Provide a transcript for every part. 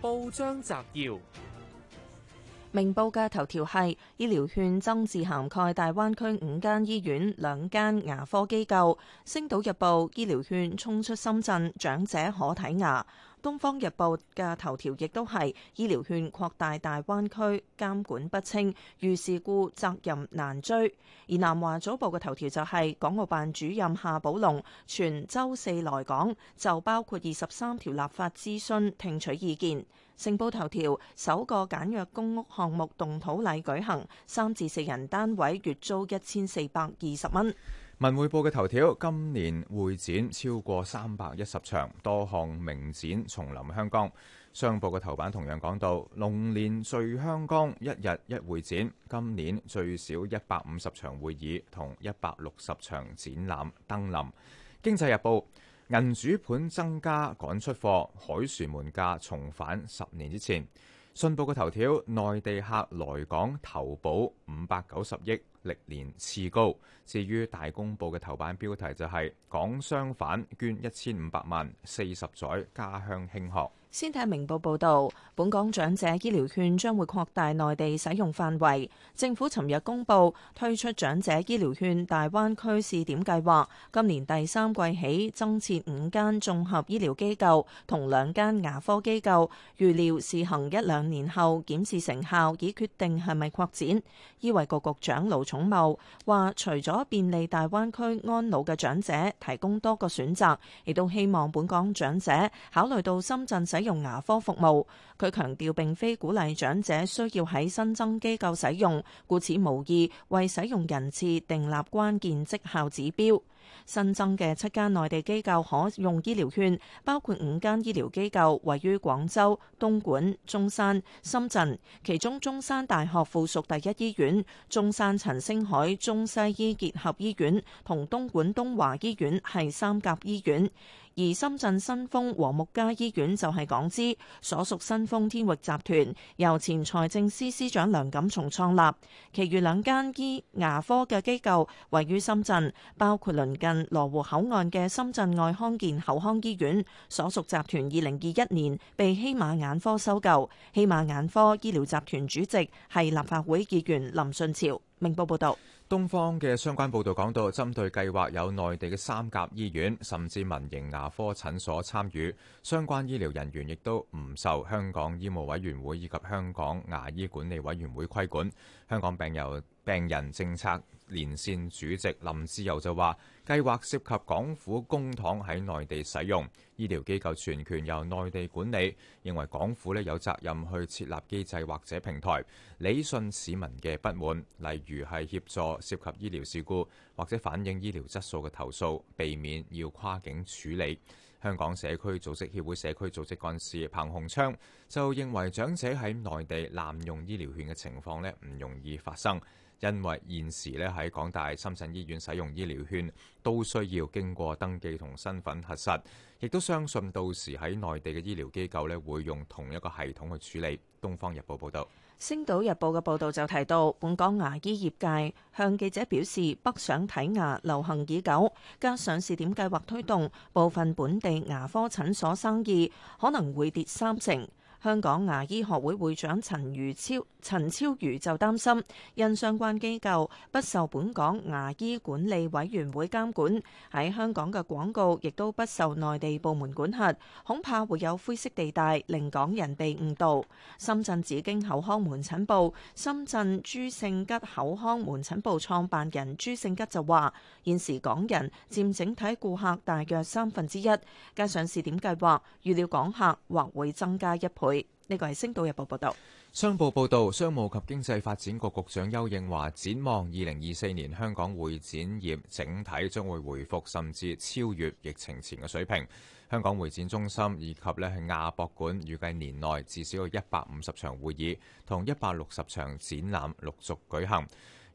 報章摘要。明報嘅頭條係醫療券增至涵蓋大灣區五間醫院、兩間牙科機構。星島日報醫療券衝出深圳，長者可睇牙。東方日報嘅頭條亦都係醫療券擴大大灣區監管不清，遇事故責任難追。而南華早報嘅頭條就係、是、港澳辦主任夏寶龍全週四來港，就包括二十三條立法諮詢聽取意見。星報頭條：首個簡約公屋項目動土禮舉行，三至四人單位月租一千四百二十蚊。文匯報嘅頭條：今年會展超過三百一十場，多項名展重臨香港。商報嘅頭版同樣講到：龍年聚香港，一日一會展。今年最少一百五十場會議，同一百六十場展覽登臨。經濟日報。銀主盤增加趕出貨，凱旋門價重返十年之前。信報嘅頭條，內地客來港投保五百九十億，歷年次高。至於大公報嘅頭版標題就係、是、港商反捐一千五百萬，四十載家鄉興學。先睇明報報道，本港長者醫療券將會擴大內地使用範圍。政府尋日公布推出長者醫療券大灣區試點計劃，今年第三季起增設五間綜合醫療機構同兩間牙科機構，預料試行一兩年後檢視成效，以決定係咪擴展。醫衛局局長盧寵茂話，除咗便利大灣區安老嘅長者提供多個選擇，亦都希望本港長者考慮到深圳使。使用牙科服務，佢強調並非鼓勵長者需要喺新增機構使用，故此無意為使用人次訂立關鍵績效指標。新增嘅七間內地機構可用醫療券，包括五間醫療機構位於廣州、東莞、中山、深圳，其中中山大學附屬第一醫院、中山陳星海中西醫結合醫院同東莞東華醫院係三甲醫院，而深圳新豐和睦家醫院就係港資所屬新豐天域集團，由前財政司司長梁錦松創立其餘兩，其餘兩間醫牙科嘅機構位於深圳，包括鄰。近羅湖口岸嘅深圳愛康健口腔醫院所屬集團，二零二一年被希馬眼科收購。希馬眼科醫療集團主席係立法會議員林順潮。明報報道，東方嘅相關報導講到，針對計劃有內地嘅三甲醫院，甚至民營牙科診所參與，相關醫療人員亦都唔受香港醫務委員會以及香港牙醫管理委員會規管。香港病友病人政策連線主席林志由就話，計劃涉及港府公帑喺內地使用，醫療機構全權由內地管理，認為港府呢有責任去設立機制或者平台，理順市民嘅不滿，例如係協助涉及醫療事故或者反映醫療質素嘅投訴，避免要跨境處理。香港社區組織協會社區組織幹事彭鴻昌就認為長者喺內地濫用醫療券嘅情況呢唔容易發生。因為現時咧喺港大、深圳醫院使用醫療圈都需要經過登記同身份核實，亦都相信到時喺內地嘅醫療機構咧會用同一個系統去處理。《東方日報》報道，《星島日報》嘅報導就提到，本港牙醫業界向記者表示，北上睇牙流行已久，加上試點計劃推動，部分本地牙科診所生意可能會跌三成。香港牙醫學會會長陳如超陳超如就擔心，因相關機構不受本港牙醫管理委員會監管，喺香港嘅廣告亦都不受內地部門管轄，恐怕會有灰色地帶，令港人被誤導。深圳紫荊口腔門診部、深圳朱勝吉口腔門診部創辦人朱勝吉就話：現時港人佔整體顧客大約三分之一，加上試點計劃，預料港客或會增加一倍。呢個係星島日報報導。商報報導，商務及經濟發展局局長邱應華展望，二零二四年香港會展業整體將會恢復，甚至超越疫情前嘅水平。香港會展中心以及咧亞博館預計年內至少有一百五十場會議同一百六十場展覽陸續舉行。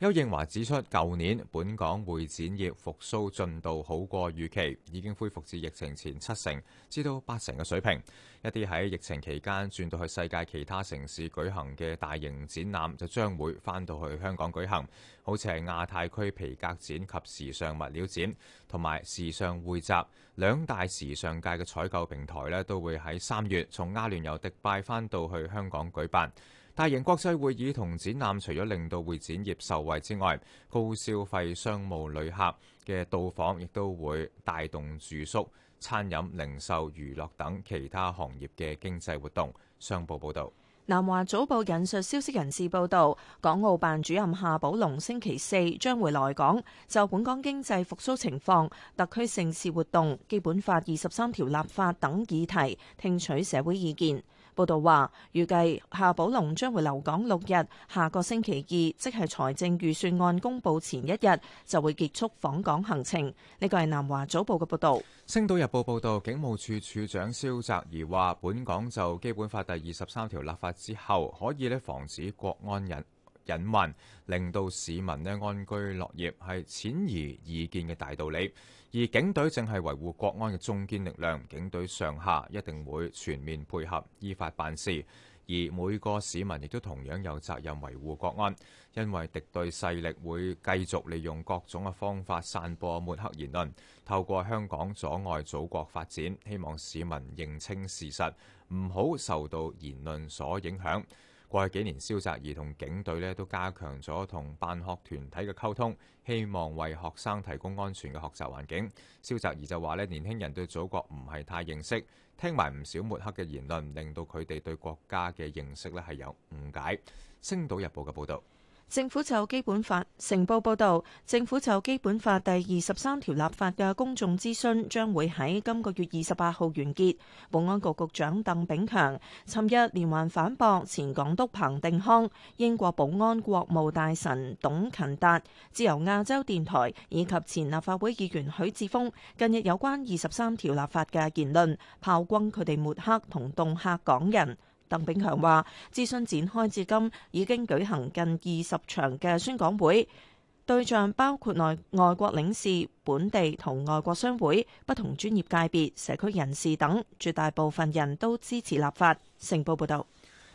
邱應華指出，舊年本港會展業復甦進度好過預期，已經恢復至疫情前七成至到八成嘅水平。一啲喺疫情期間轉到去世界其他城市舉行嘅大型展覽，就將會翻到去香港舉行。好似係亞太區皮革展及時尚物料展，同埋時尚匯集兩大時尚界嘅採購平台呢，都會喺三月從阿聯酋迪拜翻到去香港舉辦。大型國際會議同展覽除咗令到會展業受惠之外，高消費商務旅客嘅到訪，亦都會帶動住宿、餐飲、零售、娛樂等其他行業嘅經濟活動。商報報道，南華早報引述消息人士報導，港澳辦主任夏寶龍星期四將會來港，就本港經濟復甦情況、特區盛事活動、基本法二十三條立法等議題，聽取社會意見。報道話，預計夏寶龍將會留港六日，下個星期二，即係財政預算案公布前一日，就會結束訪港行程。呢個係南華早報嘅報道。星島日報報道，警務處處長蕭澤頤話，本港就《基本法》第二十三條立法之後，可以防止國安隱隱患，令到市民咧安居樂業，係淺而易見嘅大道理。而警隊正係維護國安嘅中堅力量，警隊上下一定會全面配合依法辦事。而每個市民亦都同樣有責任維護國安，因為敵對勢力會繼續利用各種嘅方法散播抹黑言論，透過香港阻礙祖國發展，希望市民認清事實，唔好受到言論所影響。過去幾年，蕭澤頤同警隊呢都加強咗同辦學團體嘅溝通，希望為學生提供安全嘅學習環境。蕭澤頤就話呢，年輕人對祖國唔係太認識，聽埋唔少抹黑嘅言論，令到佢哋對國家嘅認識呢係有誤解。星島日報嘅報導。政府就基本法成報報導，政府就基本法第二十三條立法嘅公眾諮詢將會喺今個月二十八號完結。保安局局長鄧炳強尋日連環反駁前港督彭定康、英國保安國務大臣董勤達、自由亞洲電台以及前立法會議員許智峰近日有關二十三條立法嘅言論，炮轟佢哋抹黑同恫嚇港人。鄧炳強話：諮詢展開至今已經舉行近二十場嘅宣講會，對象包括內外國領事、本地同外國商會、不同專業界別、社區人士等，絕大部分人都支持立法。成報報道，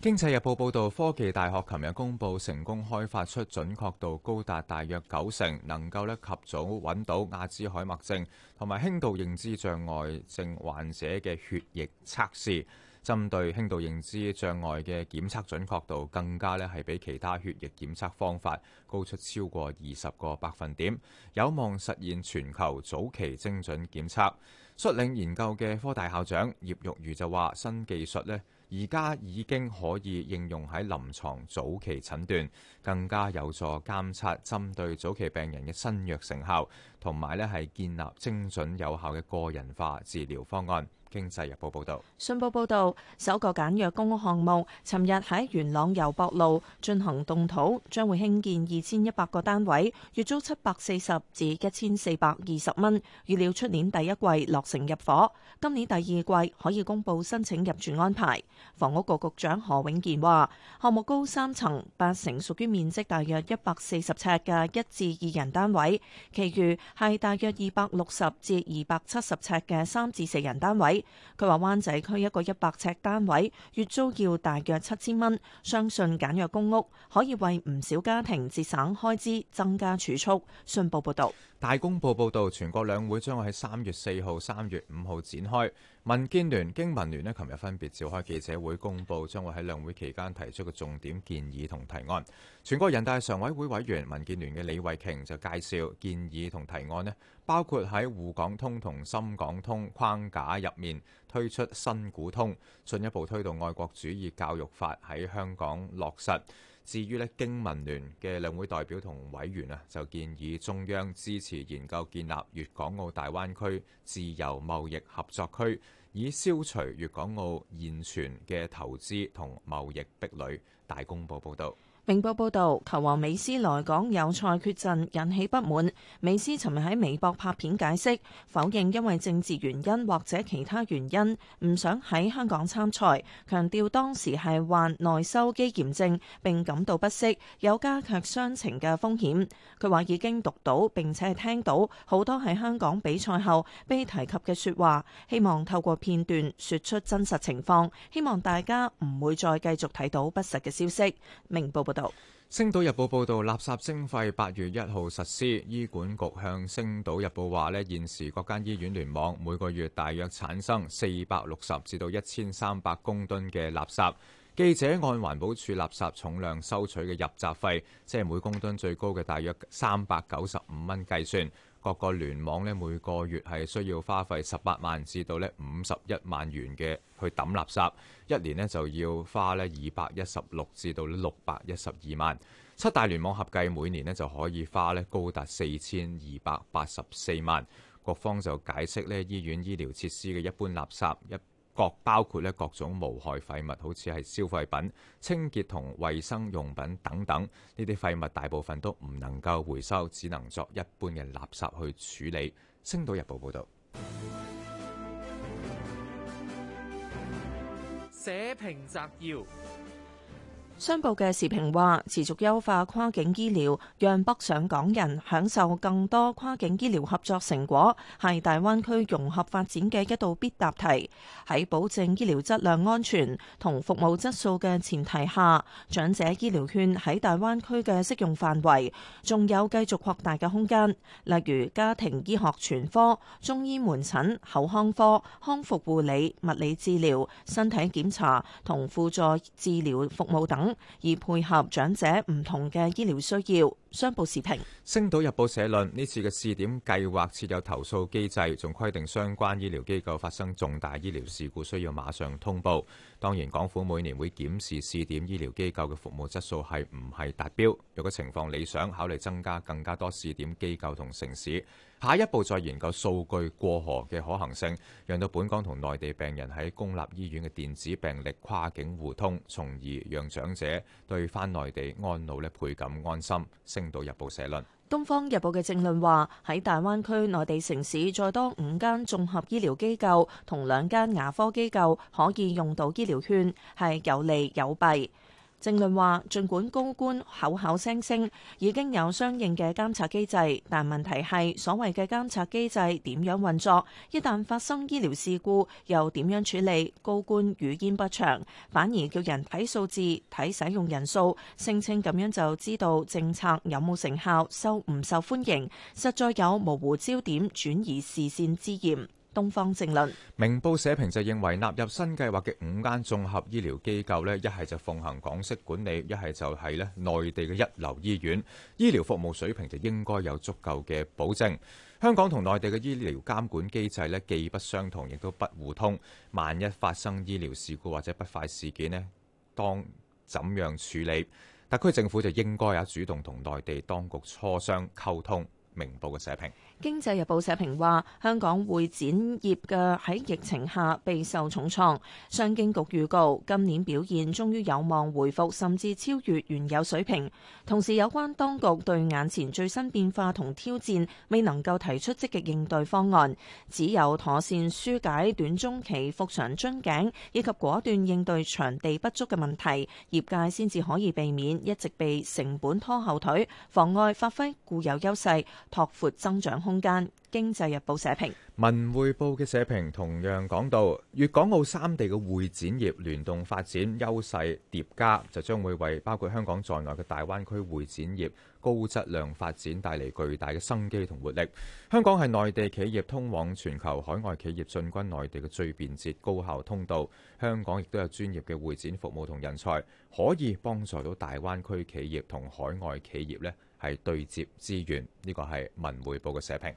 《經濟日報》報道，科技大學琴日公佈成功開發出準確度高達大約九成，能夠咧及早搵到阿茲海默症同埋輕度認知障礙症患者嘅血液測試。針對輕度認知障礙嘅檢測準確度更加咧係比其他血液檢測方法高出超過二十個百分點，有望實現全球早期精準檢測。率領研究嘅科大校長葉玉如就話：新技術咧，而家已經可以應用喺臨床早期診斷，更加有助監測針對早期病人嘅新藥成效，同埋咧係建立精準有效嘅個人化治療方案。經濟日報報導，信報報導，首個簡約公屋項目，尋日喺元朗油博路進行動土，將會興建二千一百個單位，月租七百四十至一千四百二十蚊。預料出年第一季落成入伙，今年第二季可以公佈申請入住安排。房屋局局長何永健話，項目高三層，八成屬於面積大約一百四十尺嘅一至二人單位，其餘係大約二百六十至二百七十尺嘅三至四人單位。佢話：灣仔區一個一百尺單位，月租要大約七千蚊，相信簡約公屋可以為唔少家庭節省開支，增加儲蓄。信報報道。大公報報導，全國兩會將會喺三月四號、三月五號展開。民建聯、經民聯呢，琴日分別召開記者會，公布將會喺兩會期間提出嘅重點建議同提案。全國人大常委會委員民建聯嘅李慧瓊就介紹建議同提案呢，包括喺滬港通同深港通框架入面推出新股通，進一步推動愛國主義教育法喺香港落實。至於咧，經民聯嘅兩會代表同委員啊，就建議中央支持研究建立粵港澳大灣區自由貿易合作區，以消除粵港澳現存嘅投資同貿易壁壘。大公報報導。明報報導，球王美斯來港有賽缺陣，引起不滿。美斯尋日喺微博拍片解釋，否認因為政治原因或者其他原因唔想喺香港參賽，強調當時係患內收肌炎症，並感到不適，有加劇傷情嘅風險。佢話已經讀到並且係聽到好多喺香港比賽後被提及嘅說話，希望透過片段說出真實情況，希望大家唔會再繼續睇到不實嘅消息。明報報道。星島日報報道，垃圾徵費八月一號實施。醫管局向星島日報話咧，現時各間醫院聯網，每個月大約產生四百六十至到一千三百公噸嘅垃圾。記者按環保處垃圾重量收取嘅入閘費，即係每公噸最高嘅大約三百九十五蚊計算。各個聯網咧，每個月係需要花費十八萬至到咧五十一萬元嘅，去抌垃圾，一年咧就要花咧二百一十六至到六百一十二萬，七大聯網合計每年咧就可以花咧高達四千二百八十四萬。各方就解釋咧，醫院醫療設施嘅一般垃圾一。各包括咧各種無害廢物，好似係消費品、清潔同衞生用品等等，呢啲廢物大部分都唔能夠回收，只能作一般嘅垃圾去處理。星島日報報道：社評摘要。商報嘅視頻話，持續優化跨境醫療，讓北上港人享受更多跨境醫療合作成果，係大灣區融合發展嘅一道必答題。喺保證醫療質量安全同服務質素嘅前提下，長者醫療券喺大灣區嘅適用範圍仲有繼續擴大嘅空間，例如家庭醫學全科、中醫門診、口腔科、康復護理、物理治療、身體檢查同輔助治療服務等，以配合長者唔同嘅醫療需要。商報視頻，《星島日報》社論：呢次嘅試點計劃設有投訴機制，仲規定相關醫療機構發生重大醫療事故，需要馬上通報。當然，港府每年會檢視試點醫療機構嘅服務質素係唔係達標。若果情況理想，考慮增加更加多試點機構同城市。下一步再研究數據過河嘅可行性，讓到本港同內地病人喺公立醫院嘅電子病歷跨境互通，從而讓長者對翻內地安老咧倍感安心。《東方日報》社論，《東方日報》嘅政論話：喺大灣區內地城市再多五間綜合醫療機構同兩間牙科機構可以用到醫療券，係有利有弊。政論話，儘管高官口口聲聲已經有相應嘅監察機制，但問題係所謂嘅監察機制點樣運作？一旦發生醫療事故，又點樣處理？高官語焉不詳，反而叫人睇數字、睇使用人數，聲稱咁樣就知道政策有冇成效、受唔受歡迎，實在有模糊焦點轉移視線之嫌。東方正論，明報社評就認為納入新計劃嘅五間綜合醫療機構咧，一係就奉行港式管理，一係就係咧內地嘅一流醫院，醫療服務水平就應該有足夠嘅保證。香港同內地嘅醫療監管機制咧，既不相同，亦都不互通。萬一發生醫療事故或者不快事件咧，當怎樣處理？特區政府就應該也主動同內地當局磋商溝通。明報嘅社評。經濟日報社評話，香港會展業嘅喺疫情下備受重創。商經局預告，今年表現終於有望回復，甚至超越原有水平。同時，有關當局對眼前最新變化同挑戰，未能夠提出積極應對方案，只有妥善疏解短中期復常樽頸，以及果斷應對場地不足嘅問題，業界先至可以避免一直被成本拖後腿，妨礙發揮固有優勢，拓闊增長空間。《經濟日報》社評，《文匯報》嘅社評同樣講到，粵港澳三地嘅會展業聯動發展，優勢疊加，就將會為包括香港在內嘅大灣區會展業高質量發展帶嚟巨大嘅生機同活力。香港係內地企業通往全球海外企業進軍內地嘅最便捷高效通道，香港亦都有專業嘅會展服務同人才，可以幫助到大灣區企業同海外企業呢，係對接資源，呢、這個係文匯報嘅社評。